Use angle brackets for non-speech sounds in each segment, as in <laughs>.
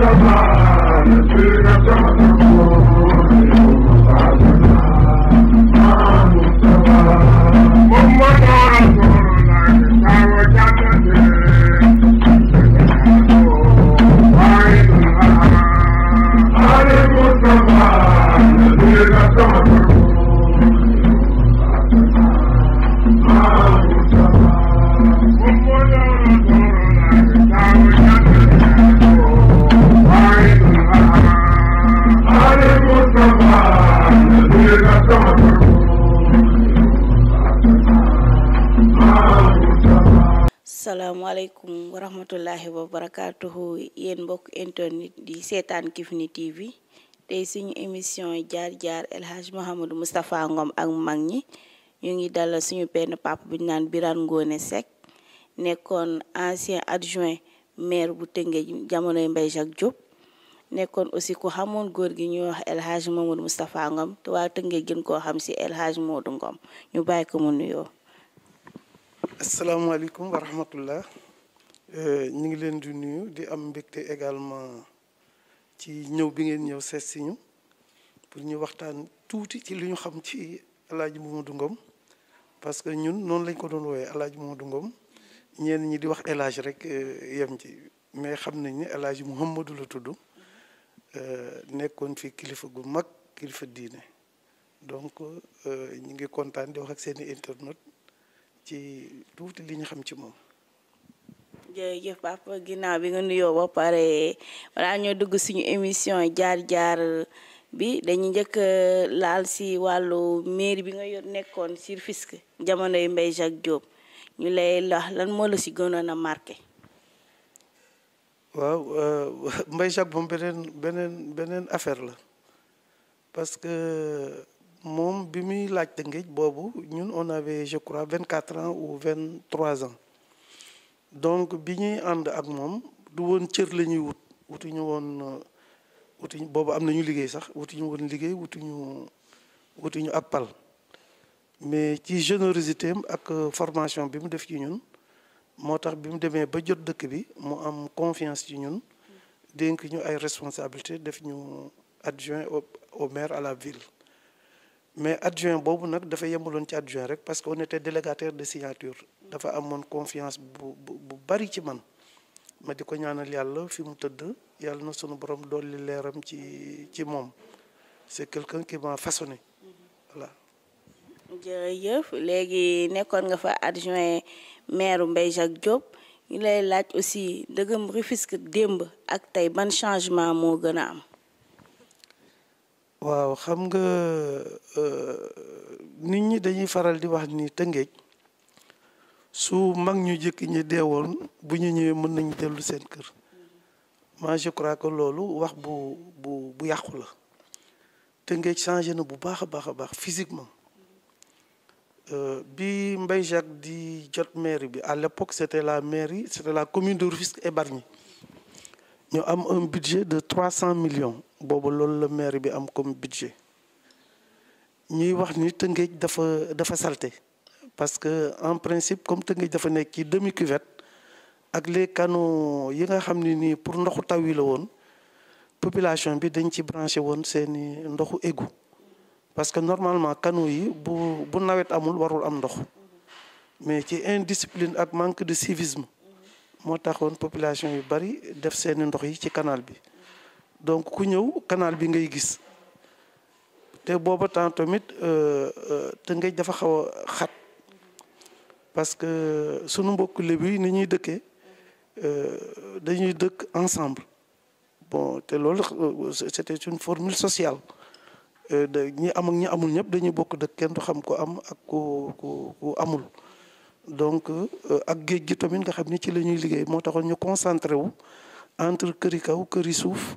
Thank you. asalaamaaleykum wa rahmatullahi wa barakaatuhu yéen mbokk internet di seetaan Kifne TV tey suñu émission jaar-jaar El Hadj Mouhamadou Ngom ak mag ñi ñu ngi dalal suñu benn papp bu ñu naan Birane ngoone Seck nekkoon ancien adjoint maire bu Tëngéej jamonoy Mbaye Jacques Diop nekkoon aussi ku xamoon góor gi ñuy wax El Hadj Mamadou Ngom te waa Tëngéej gën koo xam si El moodu Ngom ñu bàyyi ko mu nuyoo. Assalamu asalaamaaleykum wa rahmatullah euh, ñu ngi leen di nuyu di am mbégte également ci ñëw bi ngeen ñëw sét si ñu pour ñu waxtaan tuuti ci li ñu xam ci El Hadj Mamadou Ngom parce que ñun non lañ ko doon woyé El Hadj Mamadou Ngom ñenn ñi di wax El rek euh, yëm ci mais xam nañ ni El Hadj Mouhamadou la tudd euh, nekkoon fi kilifa gu mag kilifa diine donc ñi ngi contane di wax ak seen internet ci tuuti li ñu xam ci moom. jërëjëf papa ginnaaw bi nga nuyoo ba pare wala ñoo dugg suñu émission jaar-jaar bi dañuy njëkk laal si wàllu mairie bi nga yor nekkoon sur Rufisque jamonoy Mbaye Jacques Diop ñu lay wax lan moo la si gënoon a marqué. waaw euh, <laughs> Mbaye Jacques moom beneen beneen affaire la parce mom bi muy laaj Tëngéej boobu ñun on avait je crois 24 ans ou 23 ans donc bi ñuy ànd ak moom du woon cër la ñuy wut wutu ñu woon euh, wutuñu boobu am nañu liggéey sax wutuñu woon liggéey wutuñu wutuñu ab pal mais ci générosité ak euh, formation bi mu def ci ñun moo tax bi mu demee ba jot dëkk bi mu am confiance ci ñun dénk ñu ay responsabilité def ñu adjoint au maire à la ville mais adjoint bobu nak dafa yemuloon ci adjoint rek parce que on était délégataire de signature dafa amone confiance bu bu bari ci man ma di ko ñaanal yalla fi mu tëdd yalla na sunu borom doli leeram ci ci mom c'est quelqu'un qui m'a façonné voilà. jërëjëf légui nekkoon nga fa adjoint maire mbey Jacques Diop ñu lay laaj aussi dëggam Rufisque demb ak tay ban changement mo gëna am waaw xam nga euh, nit ñi dañuy faral di wax ni Tëngéej su mag ñu jëkk ñi deewoon bu ñu ñëwee mën nañu dellu seen kër ma je crois que loolu wax bu bu bu yàqu la Tëngéej changé na bu baax a baax a baax physiquement euh, bi mbay Jacques di jot mairie bi à l'époque c'était la mairie c'était la commune de Rufisque et Bargny ñu am un budget de 300 millions boobu loolu la maire bi am comme budget ñuy wax ni Tëngéej dafa dafa salte parce que en principe comme Tëngéej dafa nekk ci demi cuvette ak les canaux yi nga xam ne nii pour ndoxu taw yi la woon population bi dañ ci branché woon seeni ndoxu égout parce que normalement canaux yi bu bu nawet amul warul am ndox mais ci indiscipline ak manque de civisme moo taxoon population yu bari def seeni ndox yi ci canal bi donc ku ñëw canal bi ngay gis te booba temps tamit euh, euh, Tëngéej dafa xaw xat parce que euh, sunu mbokk Lebu ni ñuy dëkke euh dañuy dëkk ensemble bon té lool c'était une formule sociale de ñi am ak ñi amul ñep dañuy bokk dëkk kenn du xam ko am ak ko ko amul donc ak géej gi tamit nga xam ni ci lañuy liggéey mo taxoon ñu concentré wu entre këri kaw këri suuf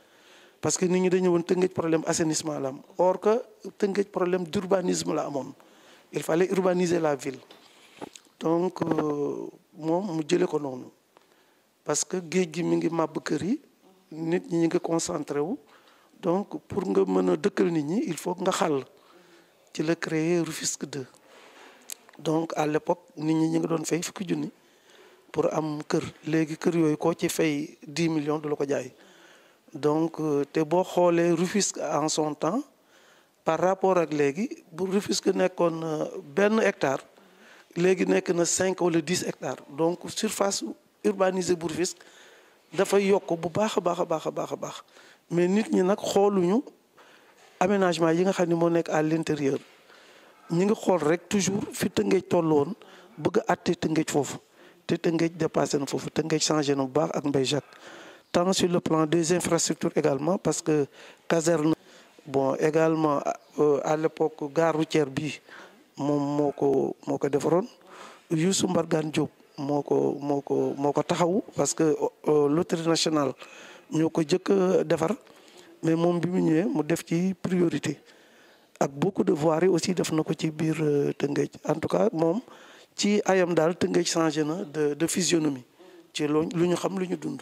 parce que nit ñi dañu woon tëngëj problème assainissement la am or que tëngëj problème d'urbanisme la amoon il fallait urbaniser la ville donc euh, moom mu jële ko noonu parce que geej gi mi ngi mab kër yi nit ñi ngi concentré wu donc pour nga mën a dëkkal nit ñi il faut nga xal ci le créer Rufisque 2 donc à l'époque nit ñi ñi ngi doon fay fukki junni pour am kër léegi kër yoy ko ci fay 10 millions du lako jaay Donc, tu as le Rufisque en son temps par rapport à l'église. Le Rufisque n'est qu'un euh, ben hectare. L'église n'est qu'un 5 ou 10 hectares. Donc, surface urbanisée pour refus, il faut que tu aies Mais nous, nous avons un aménagement qui est à l'intérieur. Nous avons toujours un tolon pour que tu aies un tolon. Tu aies un dépassement, tu aies un changement avec Jacques tant sur le plan des infrastructures également, parce que caserne, bon, également, à euh, l'époque, gare routière bi, moom moko, moko moo ko Mbargane Diop moko ko parce que euh, euh, l'autre nationale ñoo ko jëkk defar mais moom bi mon ñëwee mu def priorité ak beaucoup de voirie aussi de na ko ci en tout cas mon qui ayam dal, tengage changé de de physionomie ci lu ñu xam lu ñu dund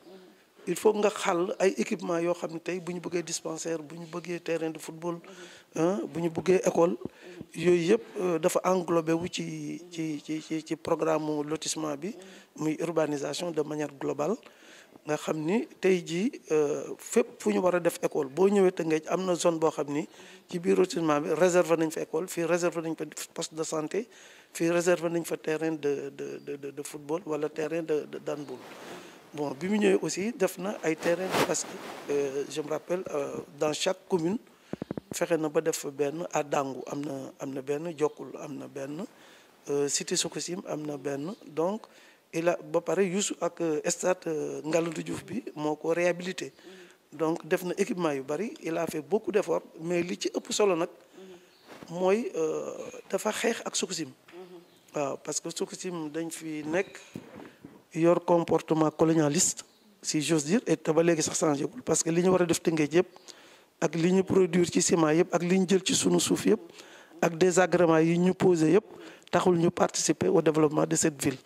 il faut nga xal ay équipement yo xamni tay buñu bëggee dispensaire buñu ñu bëggee terrain de football hein buñu bëggee école yooyu yëpp euh, dafa englobé wu ci ci ci ci programme lotissement bi muy urbanisation de manière globale nga xam ni tey jii euh, fépp fu ñu war a def école boo ñëwee Tëngéej am na zone boo xam ni ci biir lotissement bi réservé nañ fa école fii réservé nañ fa poste de santé fii réservé nañ fa terrain de de de de football wala terrain de de handball bon bi mu aussi def a ay terrain que que, euh, je me rappelle euh, dans chaque commune faire na ba def ben à Dangu amna amna ben, na amna ben, euh, Cité Sokosim amna ben. donc il a ba pare Youssou ak stade Ngalandou Diouf bi moo réhabilité donc def na équipement yu bari il a fait beaucoup d'efforts mais li ci ëpp solo nag moi dafa xeex ak Sokosim Sokosim. Mm-hmm. parce que Sokosim, dañ fi nek, leur comportement colonialiste si j'ose dire et de ba léegi sax parce que ce ñu war faire, def ak li ñu produire ci ciment yëpp ak li ñu jël ci sunu suuf yëpp ak désagréments yi ñu posé taxul ñu participer au développement de cette ville.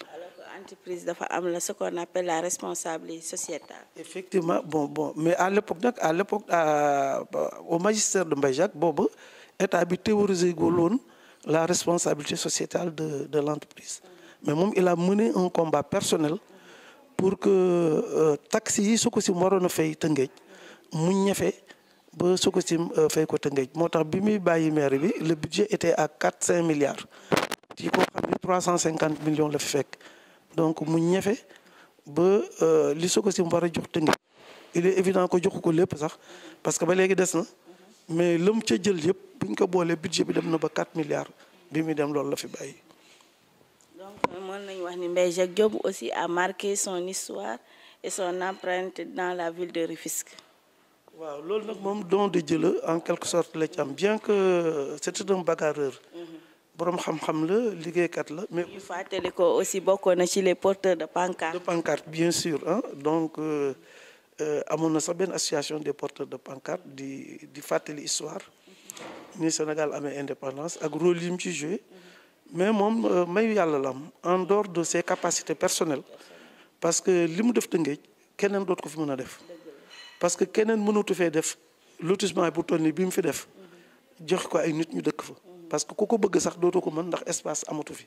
entreprise dafa am la ce qu'on appelle la responsabilité sociétale. effectivement bon bon mais à l'époque donc, à l'époque bah, au magistère de Mbaye Bob est état bi théoriser la responsabilité sociétale de de l'entreprise mais moom il a mené un combat personnel pour que euh, taxi yi Sococim waroon a fay Tëngéej mu ñafé ba Sococim euh, fay ko Tëngéej motax bi mi bàyyi maire bi le budget était à 4 5 milliards ci ko xamni 350 millions la fi fekk donc mu ñafé ba euh, li Sococim war a jox Tëngéej il est évident ko joxu ko lépp sax parce que ba légui dess na mais lëm ca jël yëpp buñ ko bolé budget bi dem na ba 4 milliards bi mi dem lool la fi bàyyi mais Jacques Diop aussi a marqué son histoire et son empreinte dans la ville de Rufisque. waaw loolu nag don de Dieu, en quelque sorte le bien que euh, c'était un bagarreur. Mhm. Borom xam-xam la kat la mais. ñu fait ko aussi beaucoup na ci les porteurs de pancartes. de pancarte bien sûr hein donc euh, euh na sax ben association des porteurs de pancartes di di fàttali histoire. Mhm. ni Sénégal amee indépendance ak rôle yi mu ci joué. Mhm mais moom euh, mayu yàlla la am en dehors de ses capacités personnelles parce que li mu def Tëngéej keneen dootu ko fi mën def parce que keneen mënatu fee def lotissement bu toll nii bi mu fi def jox ko ay nit ñu dëkk fa parce que ku ko bëgg sax dootoo ko mën ndax espace amatu fi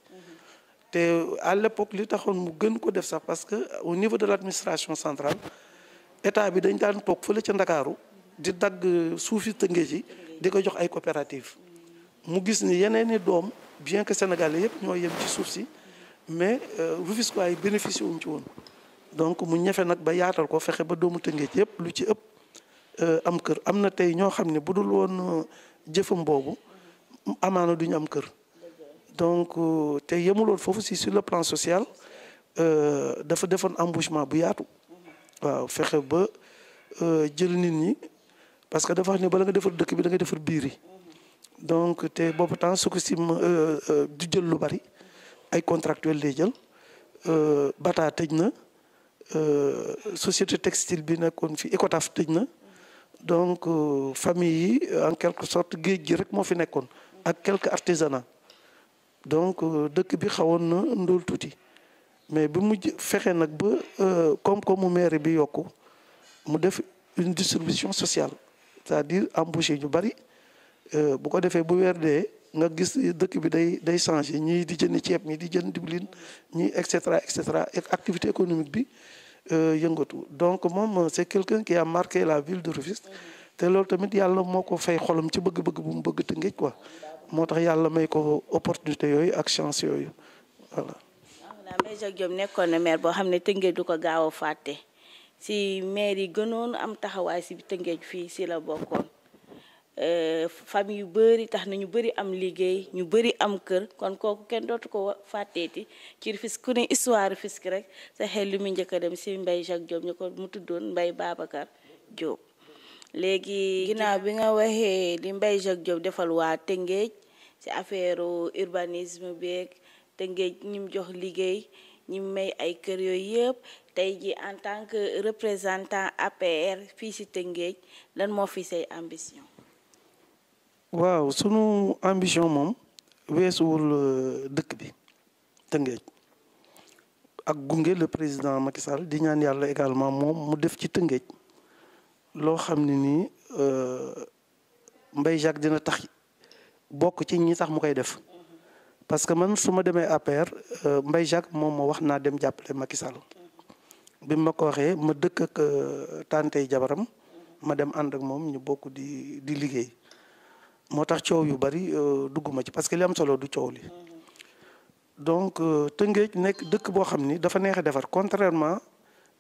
te à l'époque li taxoon mu gën ko def sax parce que au niveau de l'administration centrale état bi dañ daan toog fële ca Ndakaaru di dagg suufi Tëngéej yi di ko jox ay coopérative mu gis ni yeneen i bien que sénégalais yëpp ñoo yem ci suuf si mais euh, Rufisque ay bénéficié wuñ ci woon donc mu ñefe nag ba yaatal ko fexe ba doomu Tëngéej yëpp lu ci ëpp euh, am kër amna tay ño xamné xam won bu dul euh, amana duñ am kër donc te won fofu ci sur le plan social euh dafa defoon embauchement bu yaatu waaw fexé ba euh jël nit ñi parce que dafa wax ne bala nga defar dëkk bi da nga defar biir yi donc té boobu tan sukusim euh, euh du jël lu bari ay contractuel lay jël euh, Bata tejna euh société textile bi nekkoon fi Ecotaf tejna donc euh, famille en quelque sorte géej gi rek mo fi nekkoon ak quelques artisanat donc dëkk bi xawoon na touti mais bi mu fexé nak ba comme comme maire bi yokku mu def une distribution sociale c'est-à-dire embaucher ñu bari Euh, bu ko defee bu weer dee nga gis dëkk bi day day changé ñii di jënd ceeb ñii di jënd diwlin ñii et cetera et cetera et activité économique bi euh, yëngatu donc moom c'est quelqu'un qui a marqué la ville de Rufisque te loolu tamit yàlla moo ko fay xolam ci bëgg-bëgg bu mu bëgg Tëngéej ko moo tax yàlla may ko opportunité yooyu ak chance yooyu voilà. Major Diop nekkoon ne maire boo xam ne Tëngéej du ko gaaw a fàtte si maire yi gënoon am taxawaay si Tëngéej fii si la bokkoon. Euh, famille yu bëri tax na ñu bëri am liggéey ñu bëri am kër kon kooku kenn dootu ko fàtteeti ci Rufisque ku ne histoire Rufisque rek sa xel li mu njëkk a dem si Mbaye Jacques Diop ñu ko mu tuddoon Mbaye Babacar Diop. léegi ginnaaw bi nga waxee li Mbaye Jacques Diop defal waa Tëngéej si affaire urbanisme beeg Tëngéej ñi jox liggéey ñi may ay kër yooyu yëpp tey ji en tant que représentant APR fii si Tëngéej lan moo fi say ambition. waaw sunu ambition moom weesuwul euh, dëkk bi Tëngéej ak gunge le président Macky di ñaan yàlla également moom mu def ci Tëngéej loo xam ne nii euh, Mbaye Jacques dina tax bokk ci ñi sax mu koy def parce que man su ma demee APR euh, Mbaye Jacques moom ma wax naa dem jàppale Macky Sall bi ma ko waxee ma dëkk ak tantey jabaram ma dem ànd ak moom ñu bokk di di liggéey moo tax coow yu bari euh, dugguma ci parce que li am solo du coow li donc euh, Tëngéej nekk dëkk boo xam ni dafa neex defar contrairement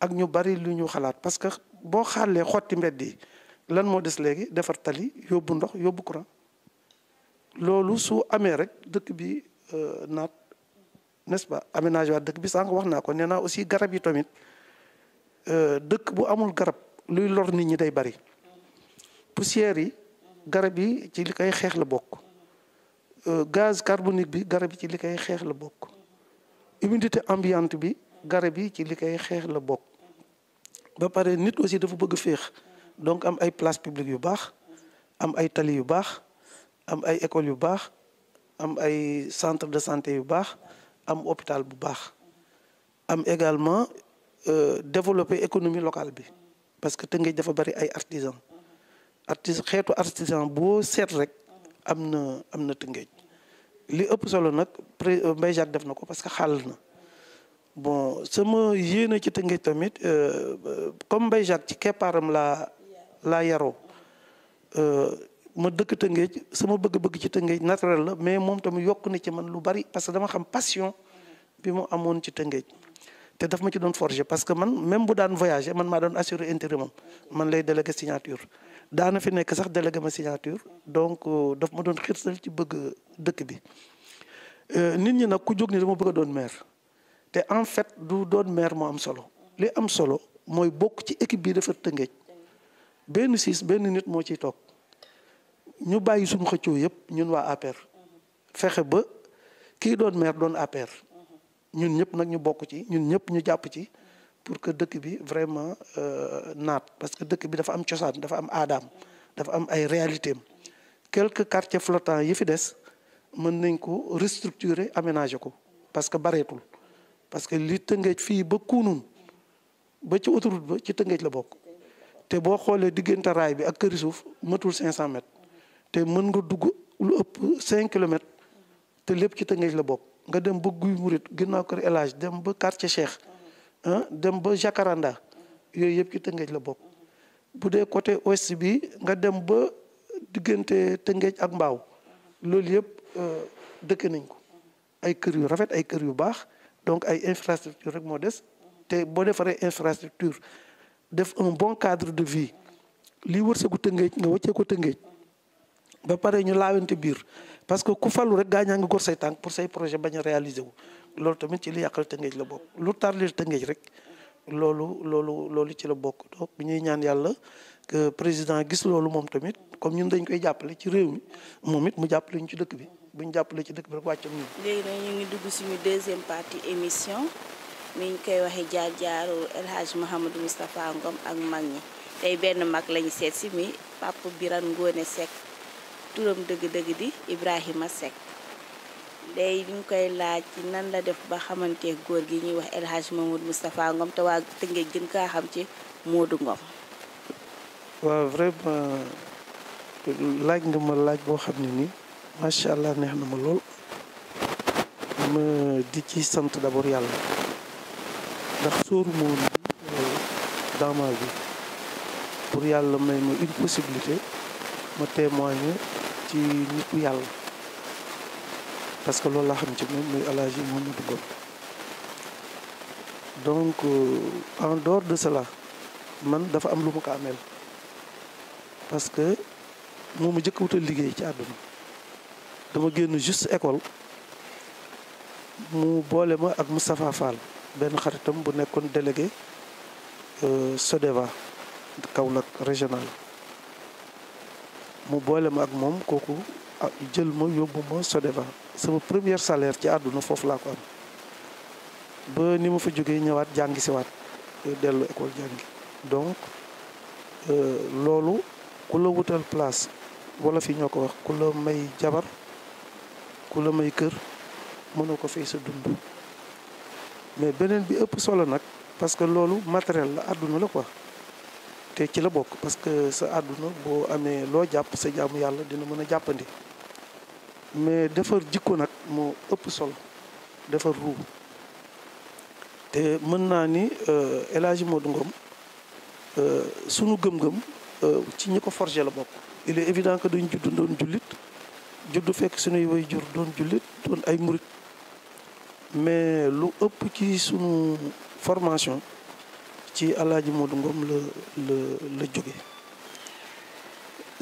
ak ñu bari lu ñu xalaat parce que boo xaalee xotti mbedd yi lan moo des léegi defar tali yóbbu ndox yóbbu courant loolu su amee rek dëkk bi euh, naat nest pas aménage waa dëkk bi sànq wax naa ko nee naa aussi garab yi tamit dëkk bu amul garab luy lor nit ñi day bari poussière yi. Garabi, ci likay xex la bok euh, gaz carbonique bi garab ci likay xex la bok humidité ambiante bi garab ci likay xex la bok ba paré nit aussi dafa bëgg feex donc am ay place publique yu bax am ay tali yu bax am ay école yu bax am ay centre de santé yu bax am hôpital bu bax am également euh, développer économie locale bi parce que Tëngéej dafa bari ay artisans artiste xeetu artisan boo seet rek am na am na tëngéej li ëpp solo nag pré euh, Mbaye Jacques def na ko parce que xàll na bon sama yéene ci tëngéej tamit euh, comme Mbaye Jacques ci keppaaram laa laa yaroo euh, ma dëkk tëngéej sama bëgg-bëgg ci tëngéej naturel la mais moom tamit yokk na ci man lu bari parce que dama xam passion bi mu amoon ci tëngéej te daf ma ci doon forger parce que man même bu daan voyager man maa doon assurer intérim man lay délégué signature daana fi nekk sax délégué ma signature donc euh, daf ma doon ci bi euh, nit ñi ku ni dama bëgg en fait du doon maire moo am solo li am solo mooy bokk ci équipe bi dafa tëngeej benn siis benn nit moo ciy toog ñu suñu ñun APR ba doon maire doon APR ñun ñëpp ñu ci ñun ñëpp pour que dëkk bi vraiment euh, naat parce que dëkk bi dafa am cosaan dafa am aadaam dafa am ay réalité am quelques quartiers flottants yi fi des mën nañ ko restructurer aménager ko parce que bareetul parce que li tëngéej fii ba kunun ba ci autoroute ba ci tëngéej la bokk te boo xoolee diggante raay bi ak këri suuf matul 500 mètres te mën nga dugg lu ëpp cinq kilomètres te lépp ci tëngeej la bokk nga dem ba guy murit ginnaaw kër El dem ba quartier Cheikh dem ba jacaranda yooyu yëpp ci tëngeej la bokk bu dee côté ouest bi nga dem ba diggante tëngeej ak mbaaw loolu yëpp euh, dëkk nañ ko ay kër yu rafet ay kër yu baax donc ay infrastructure rek moo des te boo defaree infrastructure def un bon cadre de vie lii wërsëgu tëngeej nga wëccee ko tëngeej ba pare ñu laawante biir parce que ku falu rek gaañaa ngi gor say tànk pour say projet bañ a réaliser wu loolu tamit ci li yàqal tëngeej la bokk lu tarlir tëngeej rek loolu loolu loolu ci la bokk donc ñuy ñaan yàlla que président gis loolu moom tamit comme ñun dañ koy jàppale ci réew mi moom it mu jàppale ñu ci dëkk bi bu ñu jàppale ci dëkk bi rek wàccam ñu. léegi nag ñu ngi dugg suñu deuxième partie émission mi ngi koy waxee jaar jaaru El Hadj Mouhamadou Moustapha Ngom ak mag ñi tey benn mag lañu seet si mi Papa Birane Ngone Seck turam dëgg-dëgg di Ibrahima Seck. day ñu koy laaj ci nan la def ba xamante góor gi ñuy wax El ma Mamadou Moustapha Ngom te waa Tëngéej gën kaa xam ci Modou Ngom. waaw vraiment laaj nga ma laaj boo xam ne nii macha allah neex na ma lool ma di ci sant d'abord yàlla ndax sóoru ma woon dans ma pour yàlla may ma une possibilité ma témoigner ci nitu yàlla. parce que loolu laa xam ci moom muy El Hadj Mouhamadou Ngom donc euh, en de cela man dafa am lu ma ko ameel parce que moo ma jëkk wutal liggéey ci àdduna dama génn juste école mu boole ma ak Moustapha Fall benn xaritam bu nekkoon délégué euh, Sodeva lag régional mu boole ma ak moom kooku ah, jël ma yóbbu ma Sodeva sama premier salaire ci aduna fofu la ko am ba ni mu fa ñewat jangi ci wat eh, delu école jangi donc euh, lolu ku la wutal place wala fi ñoko wax ku la may jabar ku la may kër mëno ko fay sa dund mais benen bi ëpp solo nak parce que lolu matériel la aduna la quoi te ci la bok parce que sa aduna bo amé lo japp sa jaamu yalla dina mëna jappandi mais defar jikko nag moo ëpp solo defar ruu te mën naa ni euh, El Hadji Modou Ngom euh, sunu gëm-gëm euh, ci ñi ko forger la bokk. il est évident que duñ judd doon jullit judd fekk sunuy way jur doon jullit doon ay murit mais lu ëpp ci sunu formation ci El Hadji Modou la la la jóge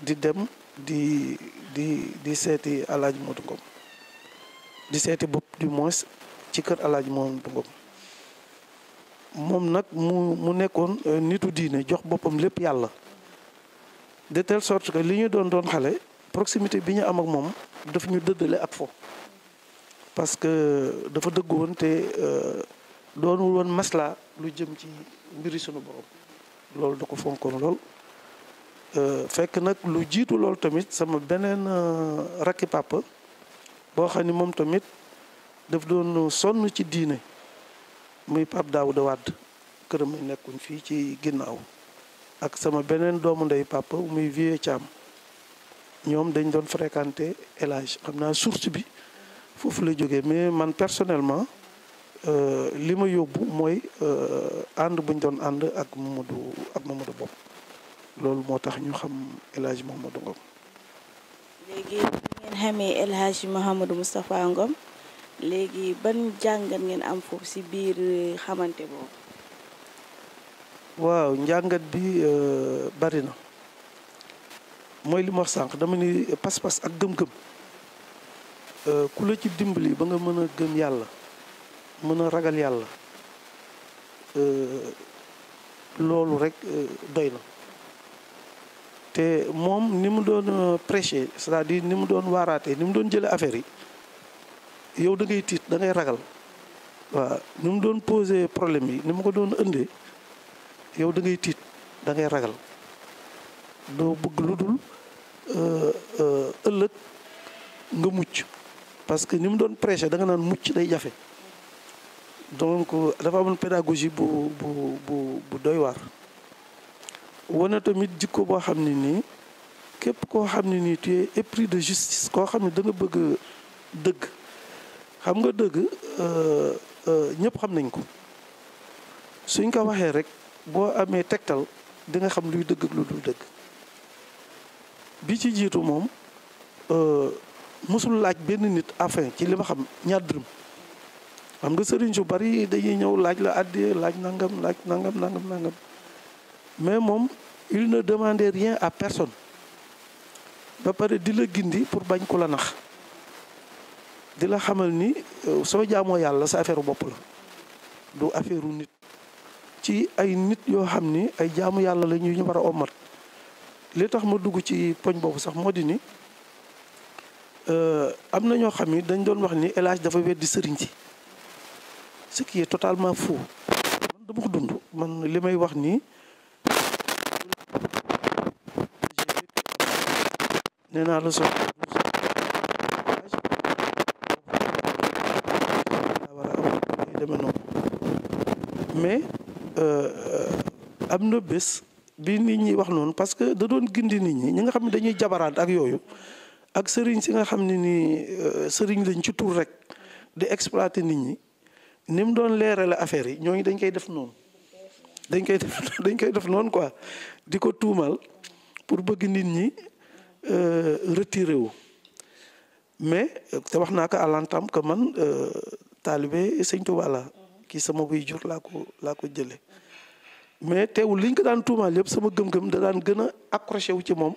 di dem di di di seeti Alaaji Moodu Ngom di seeti bopp du moins ci kër Alaaji Moodu Ngom moom nag mu mu nekkoon euh, nitu diine jox boppam lépp yàlla de telle sorte que li ñu doon doon xale proximité bi ñu am ak moom daf ñu dëddale ak fo parce que dafa dëggoon te euh, doonul woon masla lu jëm ci mbiri sunu borom loolu da ko fonkoon lool Euh, fekk nag lu jiitu loolu tamit sama beneen euh, rakki papa boo xam ni moom tamit daf doon sonn ci diine muy Pape Daouda Wade këram nekkuñ fii ci ginnaaw ak sama beneen doomu ndey papa muy Vieux Thiam ñoom dañ doon fréquenter El xam naa source bi foofu la jóge mais man personnellement euh, li ma yóbbu mooy ànd buñ doon ànd ak Mamadou ak Mamadou Bopp loolu moo tax ñu xam El Hadj Mouhamadou Ngom. léegi ngeen xamee El Hadj Mouhamadou Moustapha Ngom léegi ban jàngat ngeen am foofu ci biir euh, xamante boobu. waaw njàngat bi euh, bari na mooy li ma sànq dama ni pas-pas ak gëm-gëm euh, ku la ci dimbali ba nga mën a gëm yàlla mën a ragal yàlla loolu rek doy na. te moom ni mu doon euh, prêcher c'est-à-dire ni mu doon waaraatee ni mu doon jëlee affaire yi yow da ngay tiit da ngay ragal waaw ni mu doon poser problème yi ni mu ko doon ëndee yow da ngay tiit da ngay ragal doo bugg lu dul euh, euh, ëllëg nga mucc parce que ni mu doon prêcher da nga naan mucc day jafe donc dafa amoon pédagogie bu bu bu bu doy waar. wane tamit jikko boo xam ne nii képp koo xam ne nii tu es épris de justice koo xam ne da nga bëgg dëgg xam nga dëgg euh, euh, ñëpp xam nañ ko suñ ko waxee rek boo amee tegtal di nga xam luy dëgg lu dul dëgg bi ci jiitu moom euh, mosul laaj benn nit afin ci lima ma xam ñaar xam nga sëriñ su bari dañuy ñëw laaj la àddee laaj nangam laaj nangam nangam nangam mais mom il ne demandait rien à personne ba pare dila gindi pour bañ ku la nax dila la xamal ni soo jamo yalla sa affaire bopp la du affaire nit ci ay nit yo xamni ay jaamu yalla la ñu ñu wara omat li tax ma dugg ci poñ boobu sax modi ni euh amna ño xamni dañ doon wax ni elage dafa wéddi serigne ci ce qui est totalement faux man dama ko dund man limay may wax ni ne na rasa deme noonu mais euh, am na bés bi nit ñi wax noonu parce que da doon gindi nit ñi ñi nga xam ne dañuy jabaraat ak yooyu ak sëriñ si nga xam ne nii lañ ci tur euh, rek di exploiter nit ñi ni mu doon leerale affaire yi ñooñu dañ koy def noonu dañ koy def <laughs> dañ koy def noonu quoi di ko tuumaal pour bëgg nit ñi euh, retiré wu mais euh, te wax naa ko à l'entame que man euh, taalibe sëñ Tuubaa la kii sama buy laa ko laa ko jële mais teewul liñ ko daan tuumaal yëpp sama gëm-gëm da daan gën a accroché wu ci moom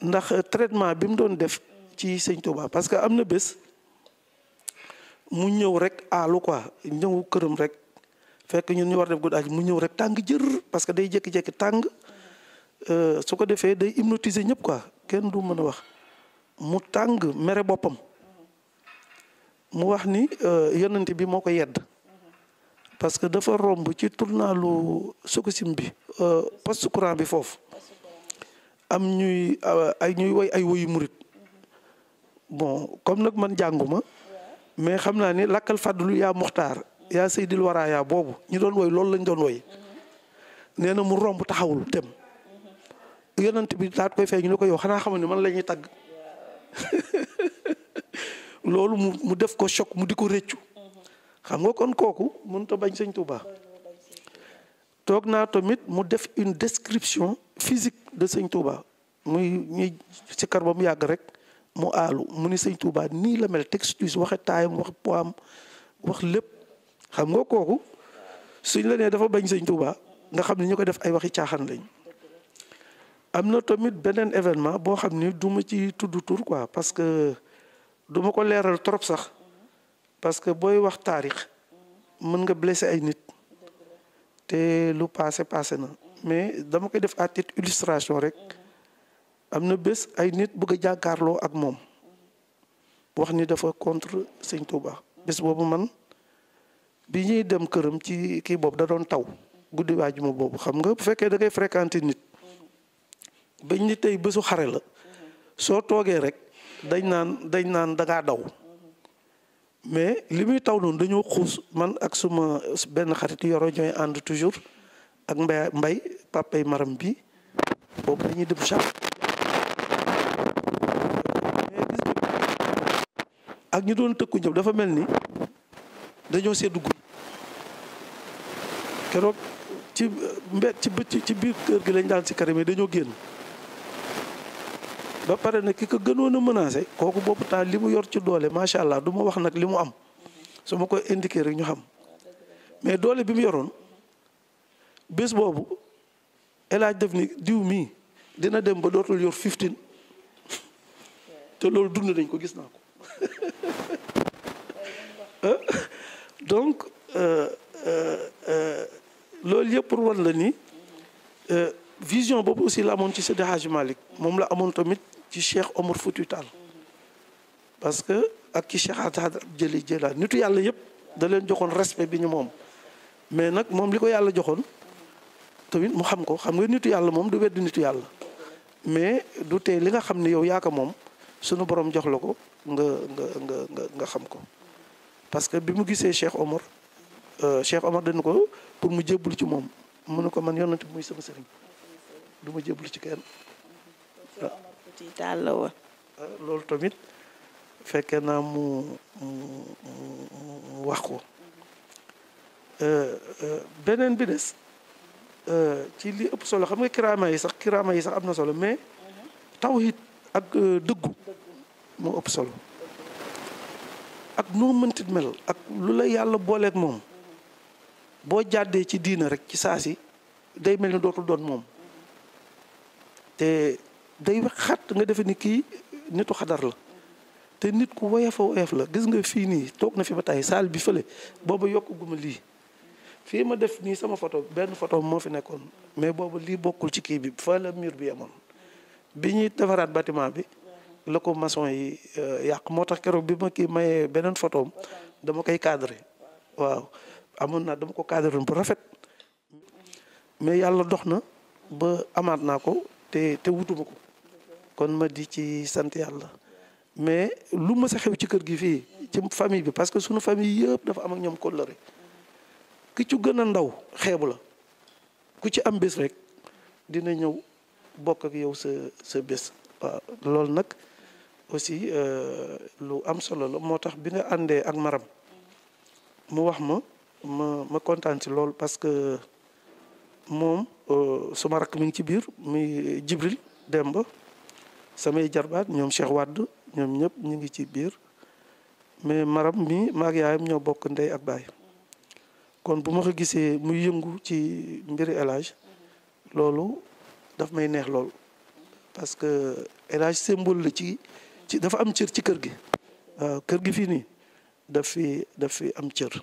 ndax traitement bi mu doon def ci sëñ Tuubaa parce que am na bés mu ñëw rek aalu quoi ñëw këram rek fekk ñun ñu war def guddi mu ñew rek tang jeur parce que day jek jek tang euh suko defé day hypnotiser ñep quoi kenn du mëna wax mu tang méré bopam mu wax ni euh, yonent bi moko yedd parce que dafa romb ci suko sim bi euh, poste courant bi foofu am ñuy euh, ay ñuy way ay wayu murit bon comme nak man janguma mais xamna ni lakal fadlu ya muhtar yaa seydil waraaya boobu ñu doon woy loolu lañ doon woy nee na mu romb taxawul tem yonent bi daat koy fay ñu ne ko yow xanaa xamoon ne man lañuy ñuy tagg <laughs> loolu mu def ko choc mu di ko rëccu xam nga kon kooku mënut a bañ sëñ toog naa tamit mu def une description physique de sëñ Touba muy ñuy ci kar ba yàgg rek mu aalu mu ni sëñ Touba nii la mel textus waxe taayam wax poam wax lépp xam nga kooku suñ la dafa bañ sëñ Touba nga xam ne ñu ko def ay waxi caaxaan lañ am na tamit beneen événement boo xam ni duma ma ci tudd tur quoi parce que du ko leeral trop sax parce que booy wax taarix mën nga blessé ay nit te lu passé passé na mais dama koy def à titre illustration rek am na bés ay nit bëgg a jàkkaarloo ak moom wax ni dafa contre sëñ Touba bés boobu man. bi ñuy dem këram ci kii boobu da doon taw guddi waajuma boobu xam nga bu fekkee dangay ngay fréquenter nit bañ ni tey bésu xare la soo toogee rek dañ naan dañ naan da daw mais li muy taw noonu dañoo xuus man ak suma benn xarit yoro ñooy ànd toujours ak mbay mbay papay maram bi boobu dañuy dem chaque ak ñu doon tëkku ñëpp dafa mel ni dañoo seddu keroog ci mbé ci bëcc ci biir kër gi lañ daan si kare mais dañoo génn ba pare na ki ko gënoon a menacé kooku boobu temps li mu yor ci doole macha allah duma wax nag li mu am su ma koy indiqué rek ñu xam mais doole bi mu yoroon bés boobu El Hadj def ni diw mii dina dem ba dootul yor 15 te loolu dund dañ ko gis naa ko <laughs> donc. Euh, Euh, euh, loolu yëpp pour wan la ni euh, vision boobu aussi la amoon ci Seydi Hadji Malick moom la amoon tamit ci Cheikh Omar Foutiyou Tall parce que ak ci Cheikh Hadj Jëli Jëla nitu yàlla yëpp daleen joxoon respect bi ñu moom mais nag moom li ko yàlla joxoon tamit mu xam ko xam nga nitu yàlla moom du wedd nitu yàlla mais du tee li nga xam ne yow yaa moom sunu borom jox la ko nga nga nga nga xam ko parce que bi mu gisee Cheikh Omar Euh, Cheikh Omar dañu ko pour mu jébbalu ci moom mu ne ko man yonent bi muy sama sëriñ du ma ci kenn. waaw euh, loolu tamit fekkee naa mu mu wax ko euh, beneen bi des ci li ëpp solo xam nga kiraama yi sax kiraama yi sax am na solo mais tawhid ak dëggu moo ëpp solo ak noo mëntit mel ak lu la yàlla booleeg moom boo jàddee ci diina rek ci saa si day mel ni dootul doon moom te day xat nga defe ni kii nitu xadar la te nit ku woyof a woyof la gis nga fii nii toog na fi ba tey saal bi fële booba yokk guma lii fii ma def nii sama photo benn photo moo fi nekkoon mais booba lii bokkul ci kii bi fa la mur bi amoon bi ñuy defaraat batiment bi la ko maçon yi euh, yàq moo tax keroog bi ma kii mayee beneen photo dama koy cadré waaw amoon naa dama ko cadre bu rafet mais yàlla dox na ba amaat naa ko te te wutuma ko kon ma di ci sant yàlla mais lu ma xew ci kër gi fii ci famille bi parce que suñu famille yëpp dafa am ak ñoom kóllëre ki ci gën a ndaw xeebu la ku ci am bés rek dina ñëw bokk ak yow sa sa loolu nag aussi euh, lu am solo la moo tax bi nga àndee ak maram mu wax ma ma ma kontaan ci loolu parce que moom euh, ma rakk mi ngi ci biir muy Jibril Demba samay jarbaat ñoom Cheikh Wade ñoom ñëpp ñu ngi ci biir mais maram mi maag yaayam ñoo bokk ndey ak baay kon bu ma ko gisee muy yëngu ci mbiri El loolu daf may neex lool parce que El Hadj la ci dafa am cër ci kër gi waaw kër gi fii nii daf fi daf fi am cër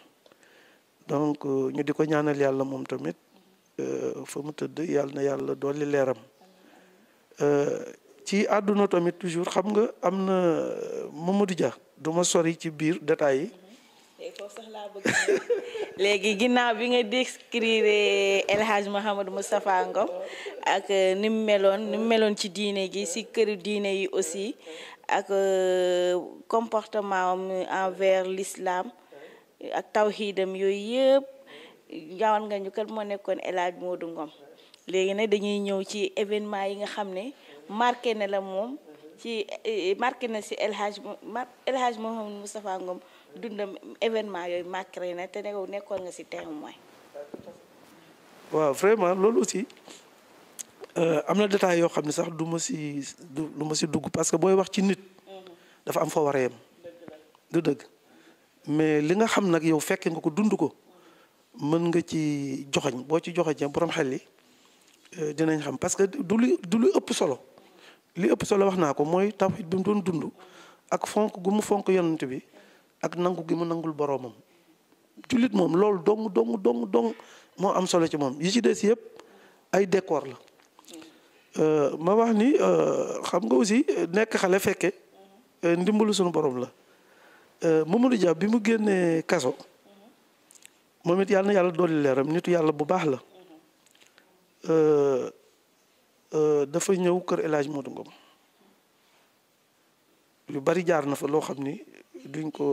donc euh, ñu di ko ñaanal yàlla moom tamit euh, fa mu tëdd yàlla yàlla dolli leeram euh, ci àdduna tamit toujours xam nga am na mu Dia du ma sori ci biir détails léegi ginnaaw bi nga décrire El Hadj Mouhamadou Moustapha Ngom ak ni mu meloon ni meloon ci diine gi si këru diine yi aussi ak comportement envers l'islam ak tawxiidam yooyu yëpp jawal nga ñu kat moo nekkoon El moo du Ngom léegi nag dañuy ñëw ci événement yi nga xam ne marqué na la moom ci eh, marqué na si El Hadj El Hadj Mouhamadou Moustapha Ngom dundam événement yooyu marqué na te nekkoon nga si témoin waaw vraiment loolu aussi euh, am na détail yoo xam ne sax du ma si du dugg parce que booy wax ci nit mm-hmm. dafa am foo war a yem du dëgg mais li nga xam nag yow fekke nga ko dund ko mën nga ci joxoñ boo ci joxoñee borom xel yi euh, dinañ xam parce que du lu du lu ëpp solo li ëpp solo wax naa ko mooy tawhid bi mu dund ak fonk mu fonk yonent bi ak nangu gi mu nangul boroomam jullit moom loolu dong dong dong dong moo am solo ci moom yi ci des yëpp ay décor la euh, ma wax ni euh, xam nga aussi nekk xale fekke ndimbalu suñu borom la Euh, Mamadou Dia bi mu génnee kaso moom it yàlla na yàlla dolli leeram nitu yàlla bu baax la euh, euh, dafa ñëw kër El Hadj Modou yu bari jaar na fa loo xam ni duñ ko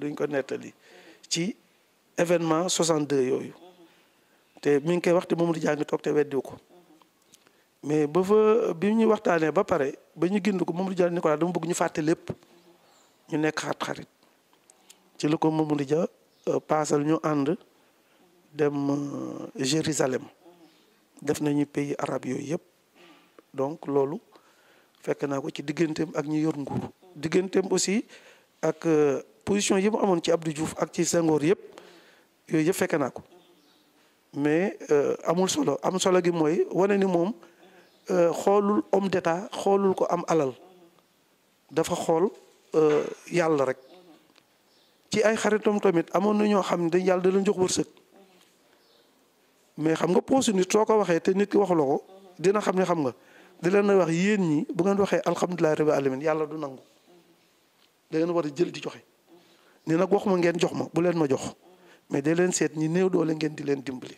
duñ ko nettali ci événement 62 yooyu te mi ngi koy wax te Mamadou Dia ngi toog te weddiwu ko mais ba fa bi ñuy waxtaanee ba pare ba ñu gind ko Mamadou jaar ni ko dama bëgg ñu fàtte lépp ñu nekk xarit xarit. ci la ko Mamadou ja euh, paasal ñu ànd dem euh, Jérusalem def nañu pays arabe yooyu yëpp donc loolu fekk naa ko ci digganteem ak ñi yor nguur digganteem aussi ak euh, position yi mu amoon ci Abdou Diouf ak ci Senghor yëpp yooyu yëpp fekk naa ko mais amul solo am solo gi mooy wane ni moom xoolul homme d'état xoolul ko am alal dafa xool yàlla rek ci ay xaritam tamit amoon na ñoo xam ne dañ yàlla da leen jox wërsëg mais xam nga poosu nit soo ko waxee te nit ki waxu la ko dina xam ne xam nga di leen wax yéen ñi bu ngeen waxee alhamdulilah rabbil alamin yàlla du nangu da ngeen war jël di joxe ni nag waxuma ngeen jox ma bu leen ma jox mais day leen seet ñi néew doole ngeen di leen dimbali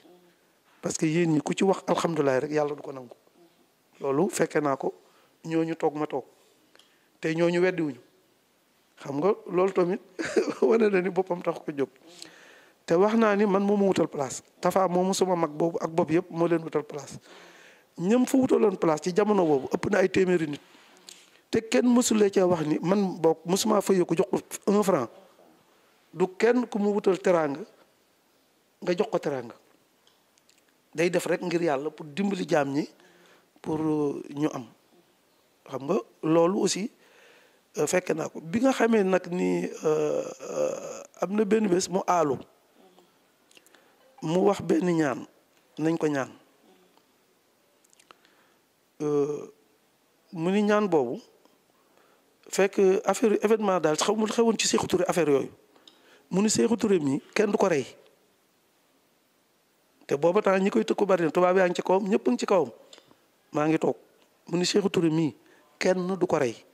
parce que yéen ñi ku ci wax alhamdulilah rek yàlla du ko nangu loolu fekkee naa ko ñooñu toog ma toog te ñooñu weddiwuñu xam nga loolu tamit <laughs> wane na ni boppam tax ko jóg te wax naa ni man moomu wutal place Tafa moomu suma mag boobu ak bopp yëpp moo leen wutal place ñëm fa wutaloon place ci jamono boobu ëpp na ay téeméeri nit te kenn mësulee cee wax ni man boog mësuma fa yokk jox ko un franc du kenn ku mu wutal teraanga nga jox ko teraanga day def rek ngir yàlla pour dimbali jaam ñi pour ñu am xam nga loolu aussi Euh, fekke naa ko bi nga xamee nag ni euh, euh, am na benn bés mu aalu mu wax benn ñaan nañ ko ñaan mu ni ñaan boobu fekk affaire événement daal xaw mu xewoon ci Sékou Touré affaire yooyu mu ni Sékou mii kenn du ko rey te booba temps ñi koy ko bari na tubaab yaa ngi ci kawam ñëpp a ngi ci kawam maa ngi toog mu ni Sékou mii kenn du ko rey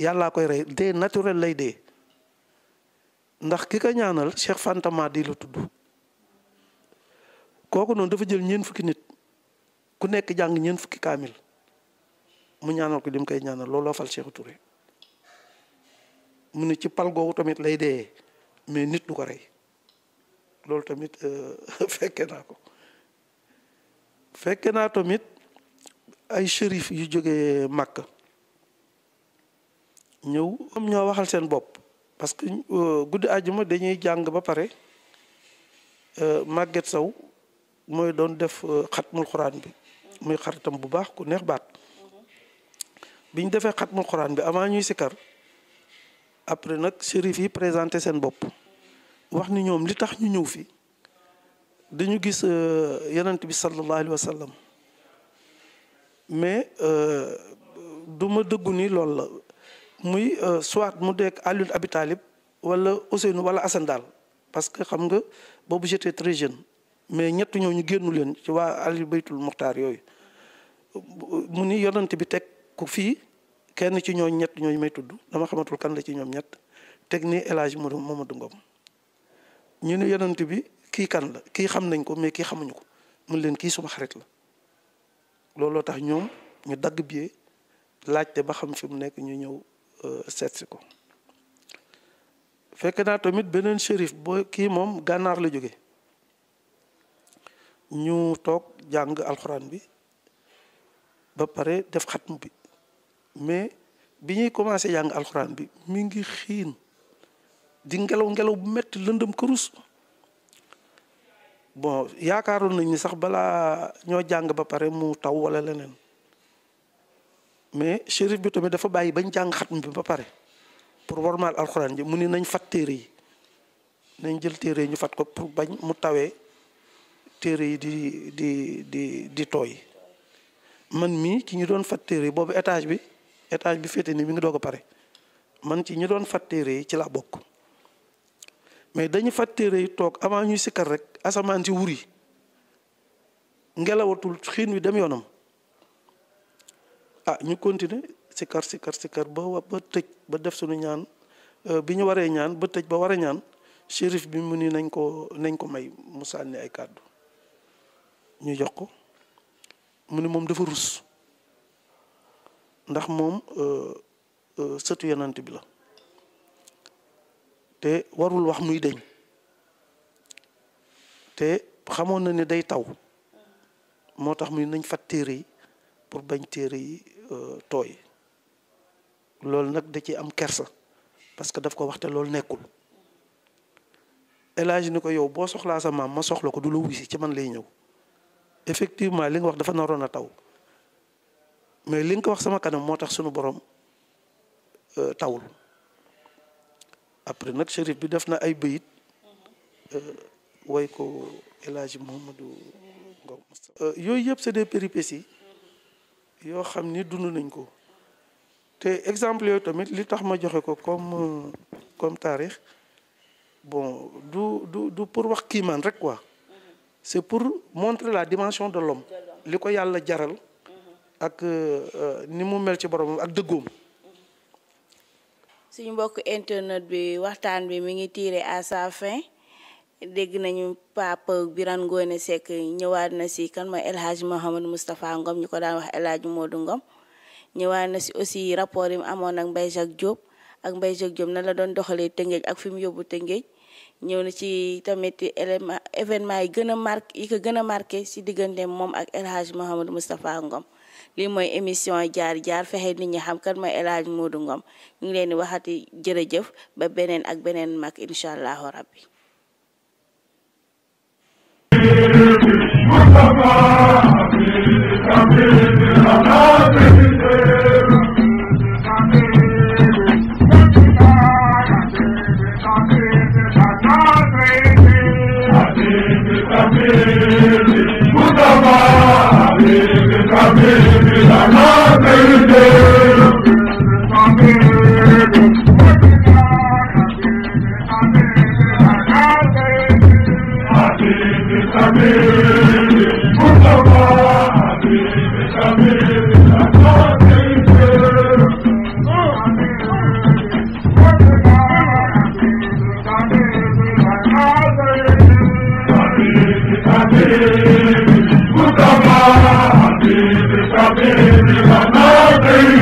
yàlla koy rey dee naturel lay dee ndax ki ko ñaanal Cheikh Fanta di la tudd kooku noonu dafa jël ñeent fukki nit ku nekk jàng ñeent fukki kaamil mu ñaanal ko lim mu koy ñaanal looloo fal Cheikh toure mu ne ci pal googu tamit lay dee mais nit du ko rey loolu tamit euh, <laughs> fekke naa ko fekke naa tamit ay shérif yu jógee Màkka ñëw am ñoo waxal seen bopp parce que euh, guddi àjjuma dañuy jàng ba pare euh, Maguette saw mooy doon def xat euh, xatmul xuraan bi muy xaritam bu baax ku neex baat bi ñu defee xat mu xuraan bi avant ñuy sikar après nag shérif yi présenté seen bopp wax ni ñoom li tax ñu ñëw fi dañu gis yonent bi sallallahu alayhi wa mais du ma dëggu nii loolu la muy euh, soit mu dekk Alioune Abi Talib wala Ousseynou wala Assane daal parce que xam nga boobu j'étais très jeune mais ñett ñoo ñu génnu leen ci waa Aliou Baytul Muxtaar yooyu mu ni yonante bi teg ku fii kenn ci ñooñu ñett ñooñu may tudd dama xamatul kan la ci ñoom ñett teg ni El Hadj Mamadou Ngom ñu ne yonante bi kii kan la kii xam nañ ko mais kii xamuñu ko mu leen kii suma xarit la looloo tax ñoom ñu dagg bie laajte ba xam fi mu nekk ñu ñëw Euh, seet ko fekk naa tamit beneen shérif bo kii moom gànnaar la jóge ñu toog jàng alxuraan bi ba pare def xatmu bi mais bi ñuy commencé jàng alxuraan bi mi ngi xiin di ngelaw ngelaw bu metti lëndëm kërus bon yaakaaroon nañ ni sax balaa ñoo jàng ba pare mu taw wala leneen mais shérif bi tamit dafa bàyyi bañ jàng xatm bi ba pare pour warmaal alxuraan ji mu ni nañ fat téere yi nañ jël téere yi ñu fat ko pour bañ mu tawee téere yi di di di di tooy man mii ci ñu doon fat téere yi boobu étage bi étage bi féete ni mi ngi doog a pare man ci ñu doon fat téere yi ci la bokk mais dañu fat téere yi toog avant ñuy sikkar rek asamaan si wuri ngelawatul xiin wi dem yoonam ah ñu continuer sikar sikar sikar ba wa ba tej ba def suñu ñaan euh biñu waré ñaan ba tej ba waré ñaan shérif bi mu ni nañ ko nañ ko may musa ni ay cadeau ñu jox ko mu ni mom dafa rus ndax euh sëtu yonent bi la te warul wax muy deñ te xamoon na day taw motax muy nañ pour bañ téere yi euh, tooy loolu nag da ci am kersa parce que daf ko wax te loolu nekkul élage ni ko yow boo soxlaa sa maam ma soxla ko du la wisi ci man lay ñëw effectivement li nga wax dafa naroon a taw mais li nga ko wax sama kanam moo tax suñu borom euh, tawul après nag chérif bi def na ay bëyit euh, way ko élage Mouhamadou Ngom yooyu yëpp c'est des péripéties yoo xam ni dund nañ ko te exemple yooyu tamit li tax ma joxe ko comme comme taarix bon du du du pour wax kiimaan rek quoi c'est pour montrer la dimension de l'homme li ko yàlla jaral ak euh, ni mu mel ci borom ak dëggoom suñu mbokk internet bi waxtaan bi mi ngi tiré à sa fin dégg nañu Papa Birane Ngoné Seck ñëwaat na si kan mooy El Hadj Mohamed Moustapha Ngom ñu ko daan wax El Hadj Modou Ngom ñëwaat na si aussi rapport yi mu amoon ak Mbaye Jacques Diop ak Mbaye Jacques Diop la doon doxalee Tëngéej ak fi mu yóbbu Tëngéej ñëw na ci tamit élément événement yi gën a marqué yi ko gën a marqué si diggante moom ak El Hadj Ngom lii mooy émission jaar jaar fexe nit ñi xam kan mooy El Hadj Modou ñu ngi leen di waxati jërëjëf ba beneen ak beneen mag incha allahu rabbi Mustafa, Mustafa, Mustafa, Mustafa, Mustafa, Amen.